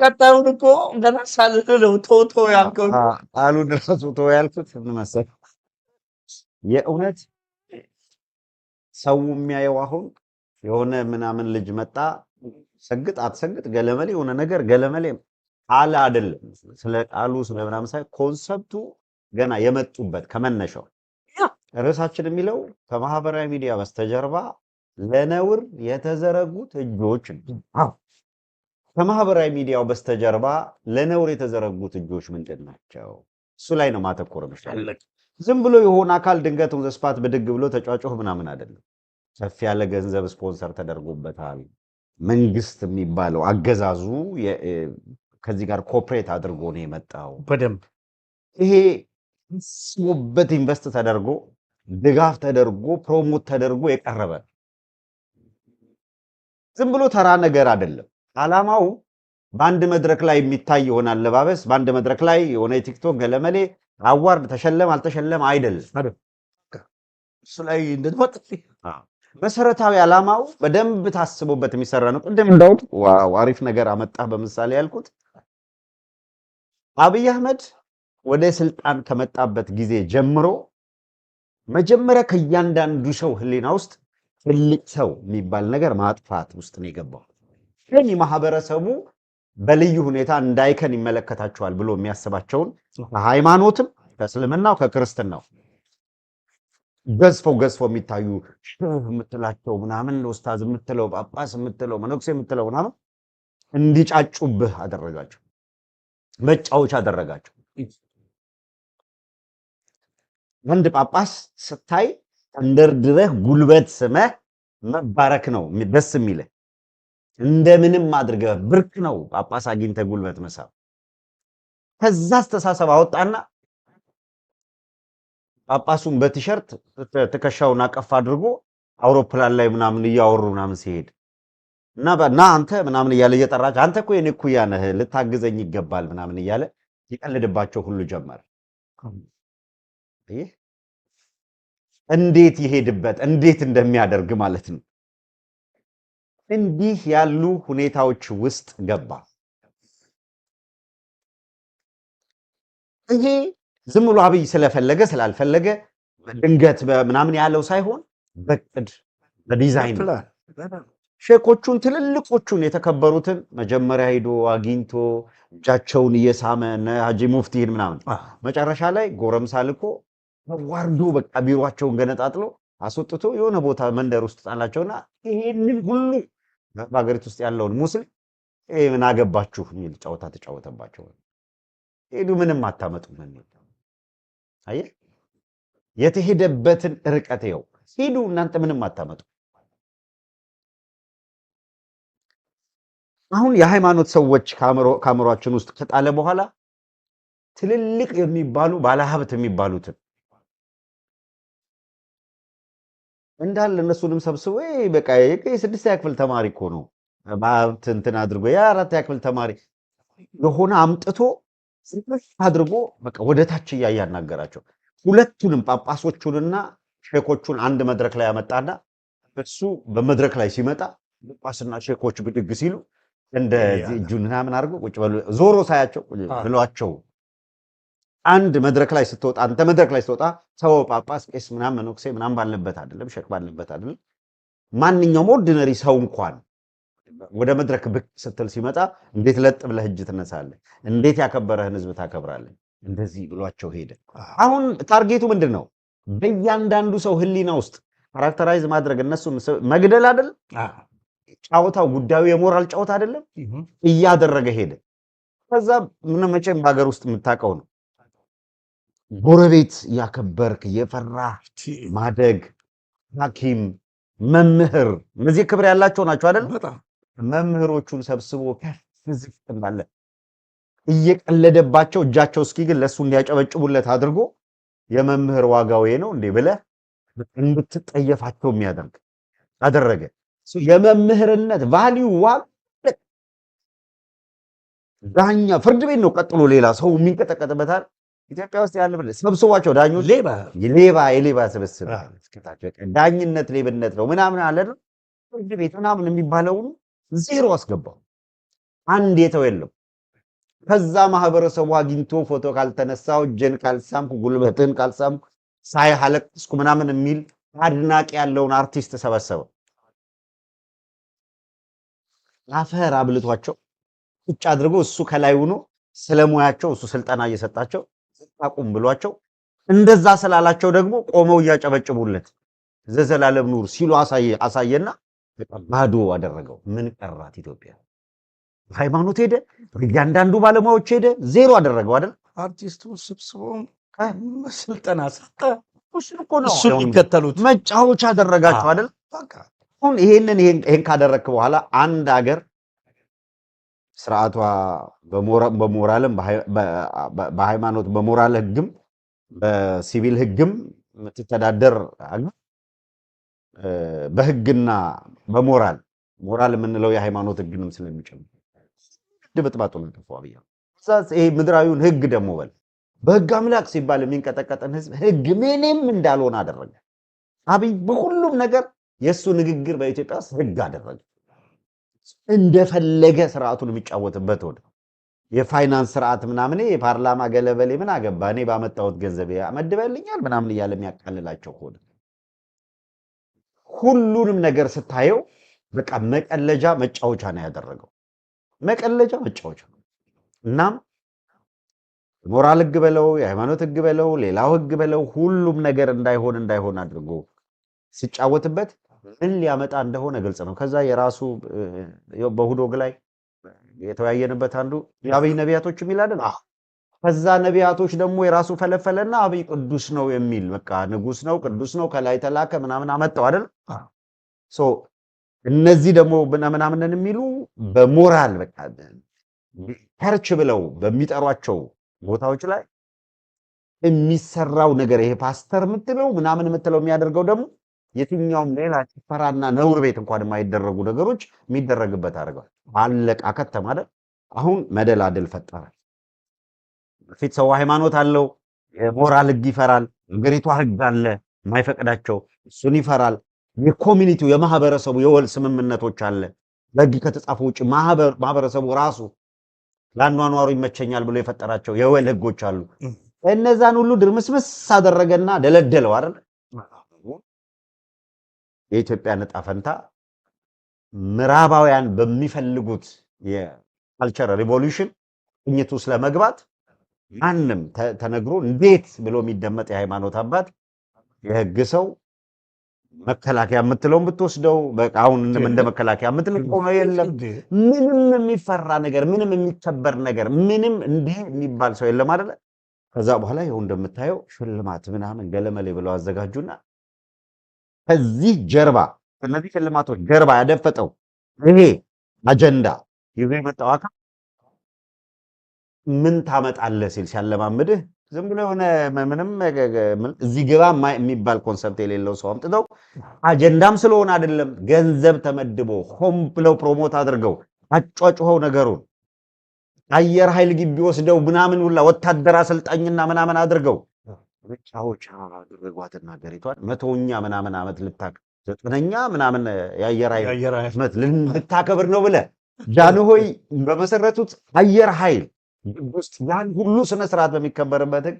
ቀጣዩን እኮ ገና ሳልል ነው ቶቶ ያልከው ያልኩት ምን መሰለህ የእውነት ሰው የሚያየው አሁን የሆነ ምናምን ልጅ መጣ ሰግጥ አትሰግጥ ገለመሌ የሆነ ነገር ገለመሌ አለ አይደለም። ስለ ቃሉ ስለ ምናምን ገና የመጡበት ከመነሻው ርዕሳችን የሚለው ከማህበራዊ ሚዲያ በስተጀርባ ለነውር የተዘረጉት እጆች ከማህበራዊ ሚዲያው በስተጀርባ ለነውር የተዘረጉት እጆች ምንድን ናቸው? እሱ ላይ ነው ማተኮር የሚሻለው። ዝም ብሎ የሆነ አካል ድንገት ዘስፓት ብድግ ብሎ ተጫጮህ ምናምን አይደለም። ሰፊ ያለ ገንዘብ ስፖንሰር ተደርጎበታል። መንግስት የሚባለው አገዛዙ ከዚህ ጋር ኮፕሬት አድርጎ ነው የመጣው። በደንብ ይሄ ስቦበት ኢንቨስት ተደርጎ ድጋፍ ተደርጎ ፕሮሞት ተደርጎ የቀረበ ነው። ዝም ብሎ ተራ ነገር አይደለም። አላማው በአንድ መድረክ ላይ የሚታይ የሆነ አለባበስ፣ በአንድ መድረክ ላይ የሆነ የቲክቶክ ገለመሌ አዋርድ ተሸለም አልተሸለም አይደለም። መሰረታዊ በደንብ ታስቦበት የሚሰራ ነው። ቅድም እንደውም አሪፍ ነገር አመጣ በምሳሌ ያልኩት አብይ አህመድ ወደ ስልጣን ከመጣበት ጊዜ ጀምሮ መጀመሪያ ከእያንዳንዱ ሰው ህሊና ውስጥ ትልቅ ሰው የሚባል ነገር ማጥፋት ውስጥ ነው የገባው። ግን ማህበረሰቡ በልዩ ሁኔታ እንዳይከን ይመለከታቸዋል ብሎ የሚያስባቸውን ከሃይማኖትም ከእስልምናው ከክርስትናው ገዝፈው ገዝፈው የሚታዩ ሽህ የምትላቸው ምናምን ኡስታዝ የምትለው ጳጳስ የምትለው መነኩሴ የምትለው ምናምን እንዲጫጩብህ አደረጋቸው፣ መጫወቻ አደረጋቸው። አንድ ጳጳስ ስታይ ተንደርድረህ ጉልበት ስመህ መባረክ ነው ደስ የሚልህ። እንደምንም አድርገህ ብርክ ነው ጳጳስ አግኝተህ ጉልበት መሳብ። ከዛ አስተሳሰብ አወጣና ጳጳሱን በቲሸርት ትከሻውን አቀፍ አድርጎ አውሮፕላን ላይ ምናምን እያወሩ ምናምን ሲሄድ እና ና አንተ ምናምን እያለ እየጠራች አንተ እኮ የኔ እኩያ ነህ ልታግዘኝ ይገባል ምናምን እያለ ይቀልድባቸው ሁሉ ጀመር። እንዴት ይሄድበት እንዴት እንደሚያደርግ ማለት ነው። እንዲህ ያሉ ሁኔታዎች ውስጥ ገባ። ይሄ ዝም ብሎ አብይ ስለፈለገ ስላልፈለገ ድንገት ምናምን ያለው ሳይሆን በቅድ በዲዛይን ሼኮቹን ትልልቆቹን የተከበሩትን መጀመሪያ ሄዶ አግኝቶ እጃቸውን እየሳመ ሀጂ ሙፍቲን ምናምን መጨረሻ ላይ ጎረምሳ ልኮ ተዋርዶ በቃ ቢሯቸውን ገነጣጥሎ አስወጥቶ የሆነ ቦታ መንደር ውስጥ ጣላቸውና ይሄንን ሁሉ በሀገሪቱ ውስጥ ያለውን ሙስሊም ምን አገባችሁ የሚል ጨዋታ ተጫወተባቸው። ሄዱ ምንም አታመጡም የሚል አየ የተሄደበትን ርቀት ይኸው ሄዱ እናንተ ምንም አታመጡ። አሁን የሃይማኖት ሰዎች ከአእምሯችን ውስጥ ከጣለ በኋላ ትልልቅ የሚባሉ ባለሀብት የሚባሉትን እንዳለ እነሱንም ሰብስቦ በቃ የስድስተኛ ክፍል ተማሪ እኮ ነው በሀብት እንትን አድርጎ የአራተኛ ክፍል ተማሪ የሆነ አምጥቶ አድርጎ በቃ ወደ ታች እያናገራቸው ሁለቱንም ጳጳሶቹንና ሼኮቹን አንድ መድረክ ላይ ያመጣና እሱ በመድረክ ላይ ሲመጣ ጳጳስና ሼኮች ብድግ ሲሉ እንደዚህ እጁን ምናምን አድርጎ ቁጭ በሉ ዞሮ ሳያቸው ብሏቸው አንድ መድረክ ላይ ስትወጣ አንተ መድረክ ላይ ስትወጣ ሰው ጳጳስ፣ ቄስ ምናም መነኩሴ ምናም ባለበት አይደለም፣ ሸክ ባለበት አይደለም። ማንኛውም ኦርዲነሪ ሰው እንኳን ወደ መድረክ ብቅ ስትል ሲመጣ እንዴት ለጥ ብለህ እጅ ትነሳለህ? እንዴት ያከበረህን ህዝብ ታከብራለህ? እንደዚህ ብሏቸው ሄደ። አሁን ታርጌቱ ምንድን ነው? በእያንዳንዱ ሰው ህሊና ውስጥ ካራክተራይዝ ማድረግ እነሱን መግደል አይደል? ጫወታው ጉዳዩ የሞራል ጫወታ አይደለም። እያደረገ ሄደ። ከዛ መቼም በሀገር ውስጥ የምታውቀው ነው ጎረቤት ያከበርክ የፈራህ ማደግ፣ ሐኪም፣ መምህር እነዚህ ክብር ያላቸው ናቸው አይደል? መምህሮቹን ሰብስቦ ከፍዝፍ ትላለ እየቀለደባቸው እጃቸው እስኪ ግን ለእሱ እንዲያጨበጭቡለት አድርጎ የመምህር ዋጋው ነው እንዴ ብለህ እንድትጠየፋቸው የሚያደርግ አደረገ። የመምህርነት ቫሊዩ ዋጋ ዳኛ ፍርድ ቤት ነው። ቀጥሎ ሌላ ሰው የሚንቀጠቀጥበታል ኢትዮጵያ ውስጥ ያለ ሰብስቧቸው ዳኞች ሌባ የሌባ ስብስብ ዳኝነት ሌብነት ነው ምናምን አለ ፍርድ ቤት ምናምን የሚባለውን ዜሮ አስገባው። አንድ የተው የለም። ከዛ ማህበረሰቡ አግኝቶ ፎቶ ካልተነሳው እጄን ካልሳምኩ ጉልበትን ካልሳምኩ ሳይ አለቅስኩ ምናምን የሚል አድናቂ ያለውን አርቲስት ሰበሰበ። አፈር አብልቷቸው ቁጭ አድርጎ እሱ ከላይ ሆኖ ስለሙያቸው እሱ ስልጠና እየሰጣቸው አቁም ብሏቸው እንደዛ ስላላቸው ደግሞ ቆመው እያጨበጭቡለት ዘዘላለም ኑር ሲሉ አሳየ አሳየና ባዶ አደረገው። ምን ቀራት ኢትዮጵያ? ሃይማኖት ሄደ፣ እያንዳንዱ ባለሙያዎች ሄደ፣ ዜሮ አደረገው አይደል? አርቲስቱ ስብስቦም ስልጠና ሰጠ። እሱ ይከተሉት፣ መጫወቻ አደረጋቸው አይደል? አሁን ይሄንን ይሄን ካደረግክ በኋላ አንድ ሀገር ስርዓቷ በሞራልም በሃይማኖት በሞራል ህግም በሲቪል ህግም የምትተዳደር ሀገር በህግና በሞራል ሞራል የምንለው የሃይማኖት ህግንም ስለሚጨምር ድብጥባጡን አጠፋው ብያ ይሄ ምድራዊውን ህግ ደግሞ በል በህግ አምላክ ሲባል የሚንቀጠቀጠን ህዝብ ህግ ምንም እንዳልሆነ አደረገ። አብይ በሁሉም ነገር የእሱ ንግግር በኢትዮጵያ ውስጥ ህግ አደረገ። እንደፈለገ ስርዓቱን የሚጫወትበት ወደ የፋይናንስ ስርዓት ምናምን የፓርላማ ገለበሌ ምን አገባ እኔ ባመጣሁት ገንዘብ መድበልኛል ምናምን እያለ የሚያቃልላቸው ሆነ። ሁሉንም ነገር ስታየው በቃ መቀለጃ መጫወቻ ነው ያደረገው። መቀለጃ መጫወቻ እናም ሞራል ህግ በለው የሃይማኖት ህግ በለው ሌላው ህግ በለው ሁሉም ነገር እንዳይሆን እንዳይሆን አድርጎ ሲጫወትበት ምን ሊያመጣ እንደሆነ ግልጽ ነው። ከዛ የራሱ በሁዶግ ላይ የተወያየንበት አንዱ የአብይ ነቢያቶች የሚል አይደል? ከዛ ነቢያቶች ደግሞ የራሱ ፈለፈለና አብይ ቅዱስ ነው የሚል በቃ ንጉስ ነው ቅዱስ ነው ከላይ ተላከ ምናምን አመጣው አይደል? እነዚህ ደግሞ ምናምናምንን የሚሉ በሞራል በቃ ቸርች ብለው በሚጠሯቸው ቦታዎች ላይ የሚሰራው ነገር ይሄ ፓስተር የምትለው ምናምን የምትለው የሚያደርገው ደግሞ የትኛውም ሌላ ጭፈራና ነውር ቤት እንኳን የማይደረጉ ነገሮች የሚደረግበት አድርገዋል። አለቃ ከተማ አይደል? አሁን መደላድል ፈጠረ። በፊት ሰው ሃይማኖት አለው፣ የሞራል ህግ ይፈራል። ሀገሪቷ ህግ አለ የማይፈቅዳቸው፣ እሱን ይፈራል። የኮሚኒቲው የማህበረሰቡ የወል ስምምነቶች አለ። በህግ ከተጻፈ ውጭ ማህበረሰቡ ራሱ ለአኗኗሩ ይመቸኛል ብሎ የፈጠራቸው የወል ህጎች አሉ። እነዛን ሁሉ ድርምስምስ አደረገና ደለደለው አይደል? የኢትዮጵያ ዕጣ ፈንታ ምዕራባውያን በሚፈልጉት የካልቸር ሪቮሉሽን ውስጥ ለመግባት ማንም ተነግሮ እንዴት ብሎ የሚደመጥ የሃይማኖት አባት የህግ ሰው መከላከያ የምትለው ብትወስደው አሁን እንደ መከላከያ የምትንቆመው የለም። ምንም የሚፈራ ነገር፣ ምንም የሚከበር ነገር፣ ምንም እንዲህ የሚባል ሰው የለም አደለ። ከዛ በኋላ ይኸው እንደምታየው ሽልማት ምናምን ገለመሌ ብለው አዘጋጁና ከዚህ ጀርባ ከነዚህ ሽልማቶች ጀርባ ያደፈጠው ይሄ አጀንዳ ይዞ የመጣው አካል ምን ታመጣለህ ሲል ሲያለማምድህ ዝም ብሎ የሆነ ምንም እዚህ ግባ የሚባል ኮንሰፕት የሌለው ሰው አምጥተው አጀንዳም ስለሆነ አይደለም፣ ገንዘብ ተመድቦ ሆም ብለው ፕሮሞት አድርገው አጫጭኸው ነገሩን አየር ኃይል ግቢ ወስደው ምናምን ሁላ ወታደር አሰልጣኝና ምናምን አድርገው ቻዎች አደረጓትና ሀገሪቷን መቶኛ ምናምን ዓመት ልታክ ዘጠነኛ ምናምን የአየር ኃይል ልታከብር ነው ብለህ ጃንሆይ በመሰረቱት አየር ኃይል ውስጥ ያን ሁሉ ስነስርዓት በሚከበርበት ህግ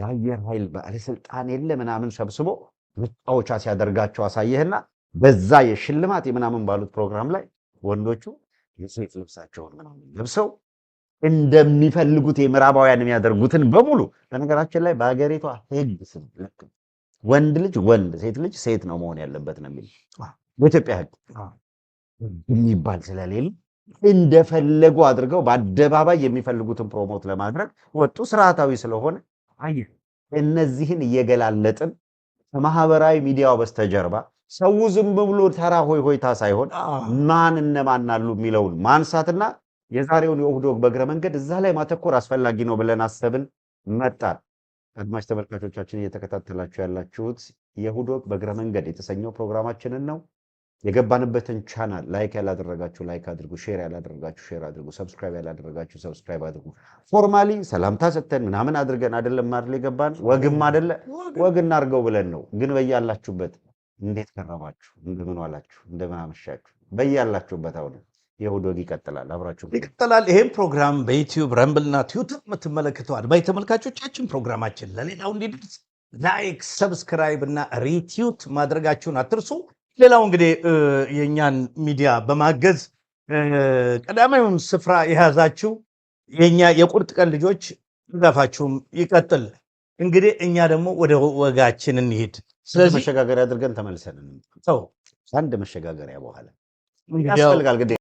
የአየር ኃይል ባለስልጣን የለ ምናምን ሰብስቦ መጫወቻ ሲያደርጋቸው አሳየህና በዛ የሽልማት የምናምን ባሉት ፕሮግራም ላይ ወንዶቹ የሴት ልብሳቸውን ምናምን ለብሰው እንደሚፈልጉት የምዕራባውያን የሚያደርጉትን በሙሉ በነገራችን ላይ በሀገሪቷ ሕግ ስም ወንድ ልጅ ወንድ፣ ሴት ልጅ ሴት ነው መሆን ያለበት ነው የሚል በኢትዮጵያ ህግ የሚባል ስለሌለ እንደፈለጉ አድርገው በአደባባይ የሚፈልጉትን ፕሮሞት ለማድረግ ወጡ። ስርዓታዊ ስለሆነ አየ እነዚህን እየገላለጥን ከማህበራዊ ሚዲያው በስተጀርባ ሰው ዝም ብሎ ተራ ሆይ ሆይታ ሳይሆን ማን እነማን አሉ የሚለውን ማንሳትና የዛሬውን ወግ በእግረ መንገድ እዛ ላይ ማተኮር አስፈላጊ ነው ብለን አሰብን መጣ አድማጭ ተመልካቾቻችን እየተከታተላችሁ ያላችሁት ወግ በእግረ መንገድ የተሰኘው ፕሮግራማችንን ነው። የገባንበትን ቻናል ላይክ ያላደረጋችሁ ላይክ አድርጉ፣ ሼር ያላደረጋችሁ ሼር አድርጉ፣ ሰብስክራይብ ያላደረጋችሁ ሰብስክራይብ አድርጉ። ፎርማሊ ሰላምታ ሰጥተን ምናምን አድርገን አይደለም ማድል የገባን ወግም አደለ ወግ እናርገው ብለን ነው። ግን በያላችሁበት እንዴት ከረማችሁ? እንደምን ዋላችሁ? እንደምን አመሻችሁ? በያላችሁበት አሁንም የሁድ ወግ ይቀጥላል። አብራችሁ ይቀጥላል። ይህም ፕሮግራም በዩትዩብ ረምብልና ትዊተር የምትመለከቱ አድማጭ ተመልካቾቻችን ፕሮግራማችን ለሌላው እንዲደርስ ላይክ፣ ሰብስክራይብ እና ሪትዩት ማድረጋችሁን አትርሱ። ሌላው እንግዲህ የእኛን ሚዲያ በማገዝ ቀዳሚውን ስፍራ የያዛችሁ የእኛ የቁርጥ ቀን ልጆች ድጋፋችሁም ይቀጥል። እንግዲህ እኛ ደግሞ ወደ ወጋችን እንሂድ። ስለዚህ መሸጋገሪያ አድርገን ተመልሰን ሰው አንድ መሸጋገሪያ በኋላ ያስፈልጋል።